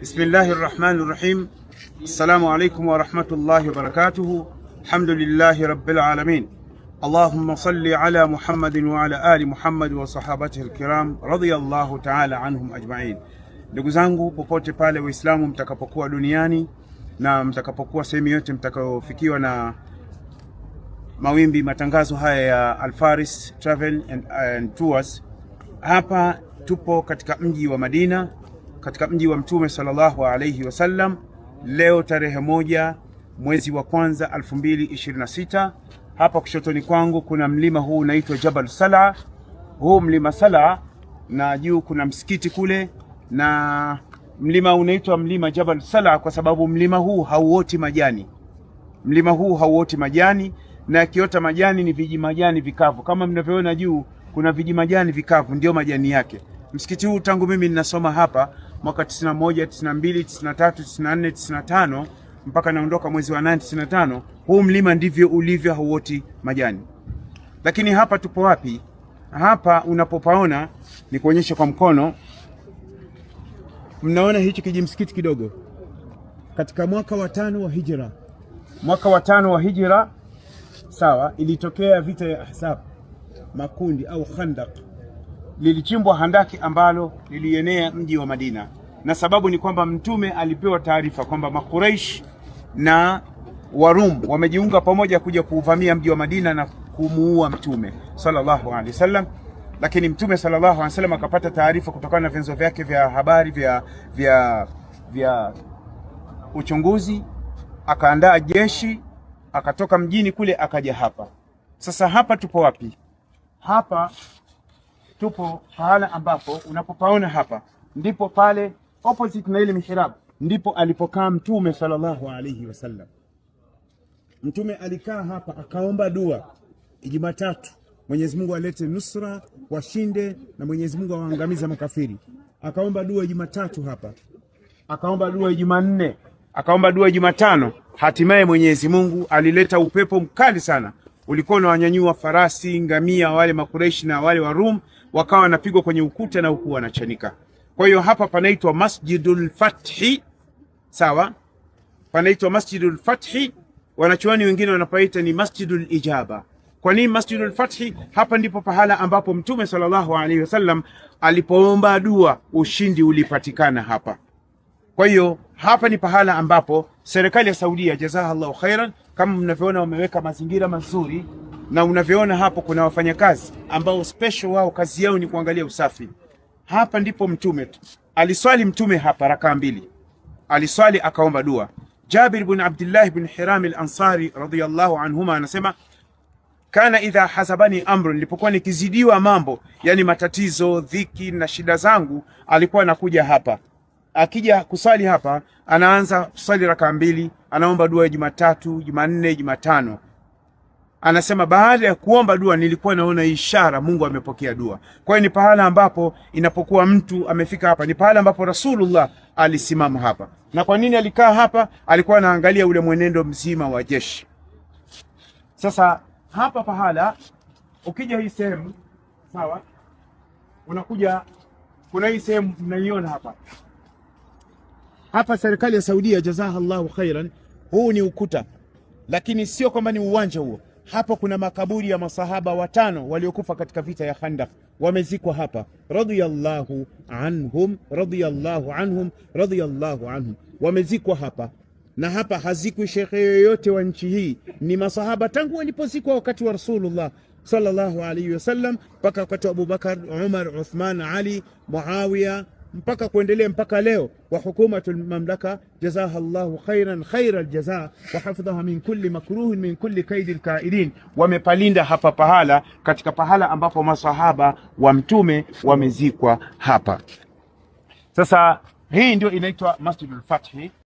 Bismillahi rahmani rahim. Assalamu alaikum warahmatullahi wabarakatuhu. Alhamdulillahi rabbil alamin. Allahumma salli ala Muhammadin wa ala ali Muhammad wa sahabatihi alkiram radiyallahu ta'ala anhum ajma'in. Ndugu zangu popote pale Waislamu mtakapokuwa duniani na mtakapokuwa sehemu yote mtakayofikiwa na mawimbi matangazo haya ya Alfaris Travel and, and Tours, hapa tupo katika mji wa Madina katika mji wa Mtume sallallahu alaihi wasallam leo tarehe moja mwezi wa kwanza 2026. Hapa kushotoni kwangu kuna mlima huu unaitwa Jabal Sala. Huu mlima Sala na juu kuna msikiti kule, na mlima unaitwa mlima Jabal Sala kwa sababu mlima huu hauoti majani. Mlima huu hauoti majani, na akiota majani ni viji majani vikavu. Kama mnavyoona juu kuna viji majani vikavu, ndio majani yake. Msikiti huu tangu mimi ninasoma hapa mwaka 91, 92, 93, 94, 95 mpaka naondoka mwezi wa 8 95. Huu mlima ndivyo ulivyo, hauoti majani. Lakini hapa tupo wapi? Hapa unapopaona ni kuonyesha kwa mkono, mnaona hichi kijimsikiti kidogo, katika mwaka wa tano wa hijra, mwaka wa tano wa hijra, sawa, ilitokea vita ya Ahzab, makundi au khandak lilichimbwa handaki ambalo lilienea mji wa Madina na sababu ni kwamba Mtume alipewa taarifa kwamba Makuraish na Warum wamejiunga pamoja kuja kuuvamia mji wa Madina na kumuua Mtume sallallahu alaihi wasallam, lakini Mtume sallallahu alaihi wasallam akapata taarifa kutokana na vyanzo vyake vya habari vya, vya, vya uchunguzi, akaandaa jeshi akatoka mjini kule akaja hapa. Sasa hapa tupo wapi? Hapa tupo pahala ambapo unapopaona hapa ndipo pale opposite na ile mihrab ndipo alipokaa Mtume sallallahu alaihi wasallam. Mtume alikaa hapa akaomba dua Jumatatu, Mwenyezi Mungu alete nusra, washinde na Mwenyezi Mungu awaangamize makafiri. Akaomba dua Jumatatu hapa, akaomba dua Jumanne, akaomba dua Jumatano. Hatimaye Mwenyezi Mungu alileta upepo mkali sana, ulikuwa unawanyanyua farasi, ngamia, wale Makureishi na wale Warum wakawa wanapigwa kwenye ukuta na huku wanachanika. Kwa hiyo hapa panaitwa Masjidul Fathi, sawa, panaitwa Masjidul Fathi. wanachuani wengine wanapaita ni Masjidul Ijaba. Kwa nini Masjidul Fathi? Hapa ndipo pahala ambapo Mtume sallallahu alaihi wasallam alipoomba dua, ushindi ulipatikana hapa. Kwa hiyo hapa ni pahala ambapo serikali ya Saudia jazahallahu khairan, kama mnavyoona wameweka mazingira mazuri, na unavyoona hapo kuna wafanyakazi ambao special wao kazi yao ni kuangalia usafi. Hapa ndipo mtume aliswali, mtume hapa rakaa mbili aliswali, akaomba dua. Jabir bin Abdullah bin Hiram al-Ansari radhiyallahu anhuma anasema kana idha hasabani amru, nilipokuwa nikizidiwa mambo, yani matatizo, dhiki na shida zangu, alikuwa anakuja hapa. Akija kusali hapa, anaanza kusali rakaa mbili, anaomba dua ya Jumatatu, Jumanne, Jumatano anasema baada ya kuomba dua nilikuwa naona ishara Mungu amepokea dua. Kwa hiyo ni pahala ambapo inapokuwa mtu amefika hapa, ni pahala ambapo Rasulullah alisimama hapa. Na kwa nini alikaa hapa? Alikuwa anaangalia ule mwenendo mzima wa jeshi. Sasa hapa pahala, ukija hii sehemu sawa, unakuja kuna hii sehemu mnaiona hapa hapa, serikali ya Saudia jazaha Allahu khairan, huu ni ukuta, lakini sio kwamba ni uwanja huo hapo kuna makaburi ya masahaba watano waliokufa katika vita ya Khandaq, wamezikwa hapa. Radiyallahu anhum, radiyallahu anhum, radiyallahu anhum, wamezikwa hapa na hapa hazikwi shekhe yoyote wa nchi hii, ni masahaba tangu walipozikwa wakati wa Rasulullah sallallahu alaihi wasallam mpaka wakati wa Abubakar, Umar, Uthman, Ali, Muawiya mpaka kuendelea mpaka leo wa hukumatu lmamlaka jazaha llahu khairan khaira ljaza wa min kulli makruhin min kulli kaidi lkaidin. Wamepalinda hapa pahala katika pahala ambapo masahaba wa mtume wamezikwa hapa. Sasa hii ndio inaitwa Masjidul Fathi.